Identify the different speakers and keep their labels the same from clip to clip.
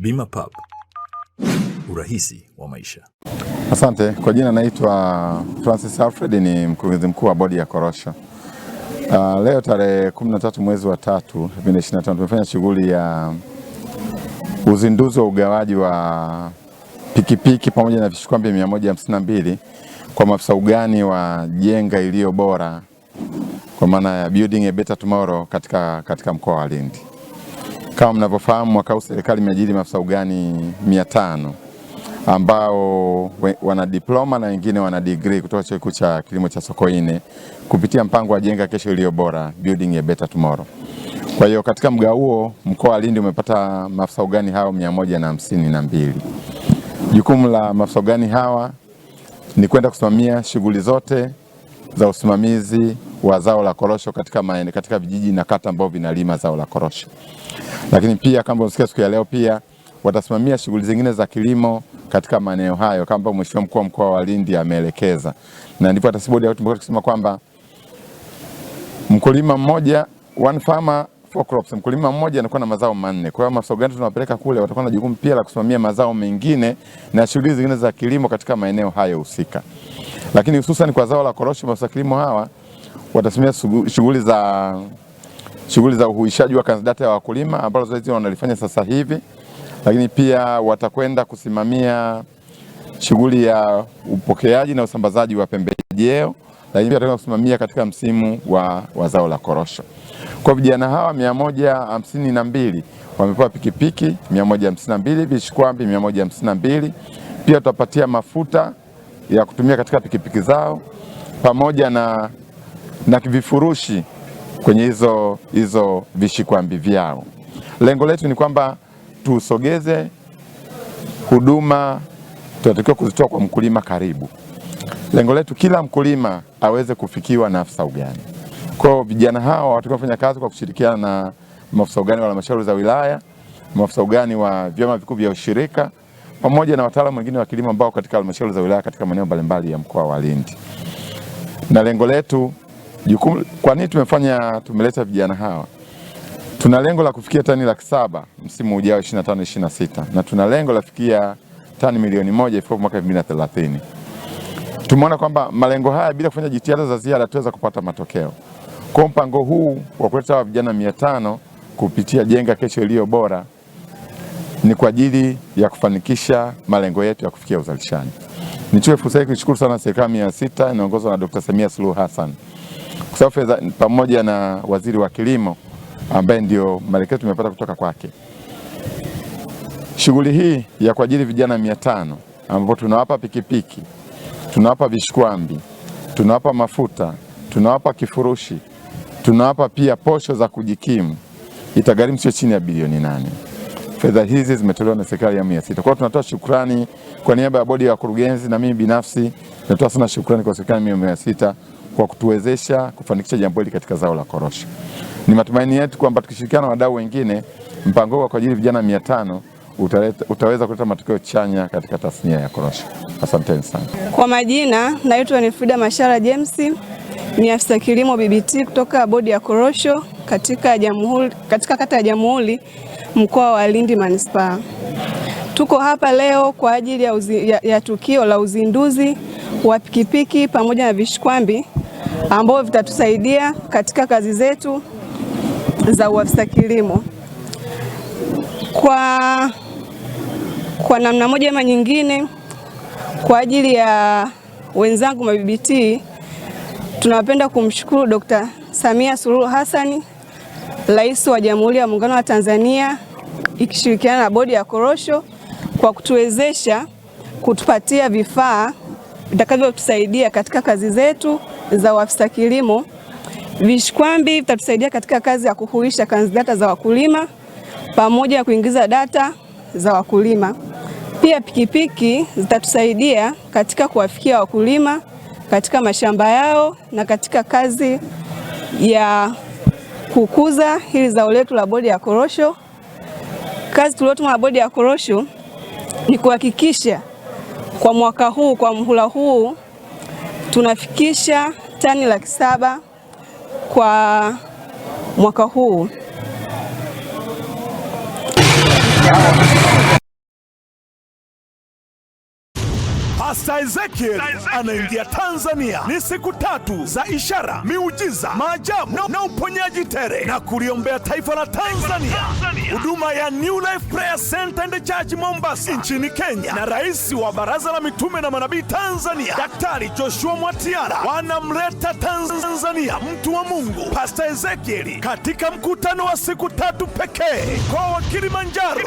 Speaker 1: Bima Pub, urahisi wa maisha. Asante kwa jina, naitwa Francis Alfred, ni mkurugenzi mkuu wa bodi ya korosho. Uh, leo tarehe 13 mwezi wa tatu 2025 tumefanya shughuli ya uzinduzi wa ugawaji wa pikipiki pamoja na vishikwambi 152 kwa maafisa ugani wa jenga iliyo bora, kwa maana ya building a better tomorrow katika, katika mkoa wa Lindi. Kama mnavyofahamu, mwaka huu serikali imeajiri maafisa ugani 500 ambao wana diploma na wengine wana degree kutoka chuo kikuu cha kilimo cha Sokoine kupitia mpango wa jenga kesho iliyo bora, building a better tomorrow. Kwa hiyo katika mgao huo mkoa wa Lindi umepata maafisa ugani hao mia moja na hamsini na mbili. Jukumu la maafisa ugani hawa ni kwenda kusimamia shughuli zote za usimamizi wa zao la korosho katika, katika vijiji na kata ambao vinalima zao la korosho. Lakini pia kama unasikia siku ya leo pia watasimamia shughuli zingine za kilimo katika maeneo hayo kama Mheshimiwa mkuu wa mkoa wa Lindi ameelekeza, na ndipo atasibodi tumekuwa tukisema kwamba mkulima mmoja one farmer four crops, mkulima mmoja anakuwa na mazao manne. Kwa hiyo maafisa ugani tunawapeleka kule, watakuwa na jukumu pia la kusimamia mazao mengine na shughuli zingine za kilimo katika maeneo hayo husika, lakini hususan kwa zao la korosho, maafisa kilimo hawa watasimamia shughuli za shughuli za uhuishaji wa kandidata ya wakulima ambazo zoezi wanalifanya sasa hivi, lakini pia watakwenda kusimamia shughuli ya upokeaji na usambazaji wa pembejeo, lakini pia watakwenda kusimamia katika msimu wa, wa zao la korosho. Kwa vijana hawa mia moja hamsini na mbili wamepewa pikipiki mia moja hamsini na mbili vishikwambi mia moja hamsini na mbili Pia tutapatia mafuta ya kutumia katika pikipiki zao pamoja na, na vifurushi kwenye hizo hizo vishikwambi vyao. Lengo letu ni kwamba tusogeze huduma tunatakiwa kuzitoa kwa mkulima karibu. Lengo letu kila mkulima aweze kufikiwa na afisa ugani. Kwa hiyo vijana hawa watakuwa kufanya kazi kwa kushirikiana na maafisa ugani wa halmashauri za wilaya, maafisa ugani wa vyama vikuu vya ushirika pamoja na wataalamu wengine wa kilimo ambao katika halmashauri za wilaya katika maeneo mbalimbali ya mkoa wa Lindi, na lengo letu Jukumu, kwa nini tumefanya tumeleta vijana hawa? Tuna lengo la kufikia tani laki saba msimu ujao 25 26 na tuna lengo la kufikia tani milioni moja ifikapo mwaka 2030. Tumeona kwamba malengo haya bila kufanya jitihada za ziada tuweza kupata matokeo. Kwa mpango huu wa kuleta vijana 500 kupitia Jenga Kesho Iliyo Bora ni kwa ajili ya kufanikisha malengo yetu ya kufikia uzalishaji. Nichukue fursa hii kushukuru sana serikali ya sita inaongozwa na Dr. Samia Suluhu Hassan Christopher pamoja na waziri wa kilimo ambaye ndio maelekezo tumepata kutoka kwake. Shughuli hii ya kuajiri vijana mia tano ambapo tunawapa pikipiki, tunawapa vishikwambi, tunawapa mafuta, tunawapa kifurushi, tunawapa pia posho za kujikimu itagharimu sio chini ya bilioni nane. Fedha hizi zimetolewa na serikali ya awamu ya sita. Kwa hiyo tunatoa shukrani kwa niaba ya bodi ya wakurugenzi na mimi binafsi natoa sana shukrani kwa serikali ya awamu ya sita kwa kutuwezesha kufanikisha jambo hili katika zao la korosho. Ni matumaini yetu kwamba tukishirikiana na wadau wengine, mpango huu wa kuajiri vijana mia tano utaweza kuleta matokeo chanya katika tasnia ya korosho. Asanteni
Speaker 2: sana. Kwa majina, naitwa ni Frida Mashara James, ni afisa kilimo BBT kutoka bodi ya korosho katika Jamhuri, katika kata ya Jamhuri, mkoa wa Lindi manispaa. Tuko hapa leo kwa ajili ya, uzi, ya, ya tukio la uzinduzi wa pikipiki pamoja na vishikwambi ambavyo vitatusaidia katika kazi zetu za uafisa kilimo. Kwa, kwa namna moja ama nyingine, kwa ajili ya wenzangu mabibitii, tunapenda kumshukuru Dr. Samia Suluhu Hassan, Rais wa Jamhuri ya Muungano wa Tanzania, ikishirikiana na Bodi ya Korosho kwa kutuwezesha kutupatia vifaa vitakavyotusaidia katika kazi zetu za uafisa kilimo. vishkwambi vitatusaidia katika kazi ya kuhuisha kanzi data za wakulima pamoja na kuingiza data za wakulima. Pia pikipiki zitatusaidia katika kuwafikia wakulima katika mashamba yao na katika kazi ya kukuza hili zao letu la bodi ya korosho. Kazi tuliotuma na bodi ya korosho ni kuhakikisha kwa mwaka huu, kwa mhula huu tunafikisha tani laki saba kwa mwaka huu
Speaker 3: Pasta Ezekiel anaingia Tanzania. Ni siku tatu za ishara, miujiza, maajabu na, na uponyaji tele na kuliombea taifa la Tanzania. Huduma ya New Life Prayer Center and Church Mombasa nchini Kenya na rais wa Baraza la Mitume na Manabii Tanzania Daktari Joshua Mwatiara wanamleta Tanzania mtu wa Mungu Pasta Ezekiel katika mkutano wa siku tatu pekee mkoa wa Kilimanjaro.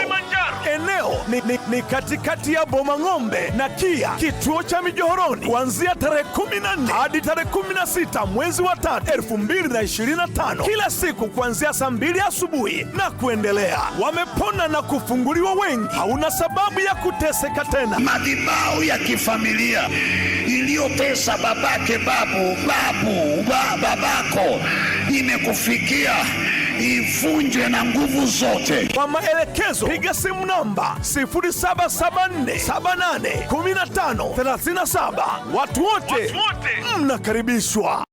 Speaker 3: Eneo ni, ni, ni katikati ya Bomang'ombe na Kia kituo cha Mijohoroni kuanzia tarehe kumi na nne hadi tarehe kumi na sita mwezi wa tatu tano kila siku kuanzia saa mbili asubuhi na kuendelea. Wamepona na kufunguliwa wengi, hauna sababu ya kuteseka tena.
Speaker 4: madhibao ya kifamilia iliyotesa babake, babu, babu, babako imekufikia ivunjwe na nguvu zote. Kwa maelekezo piga simu namba 0774781537. Watu wote mnakaribishwa.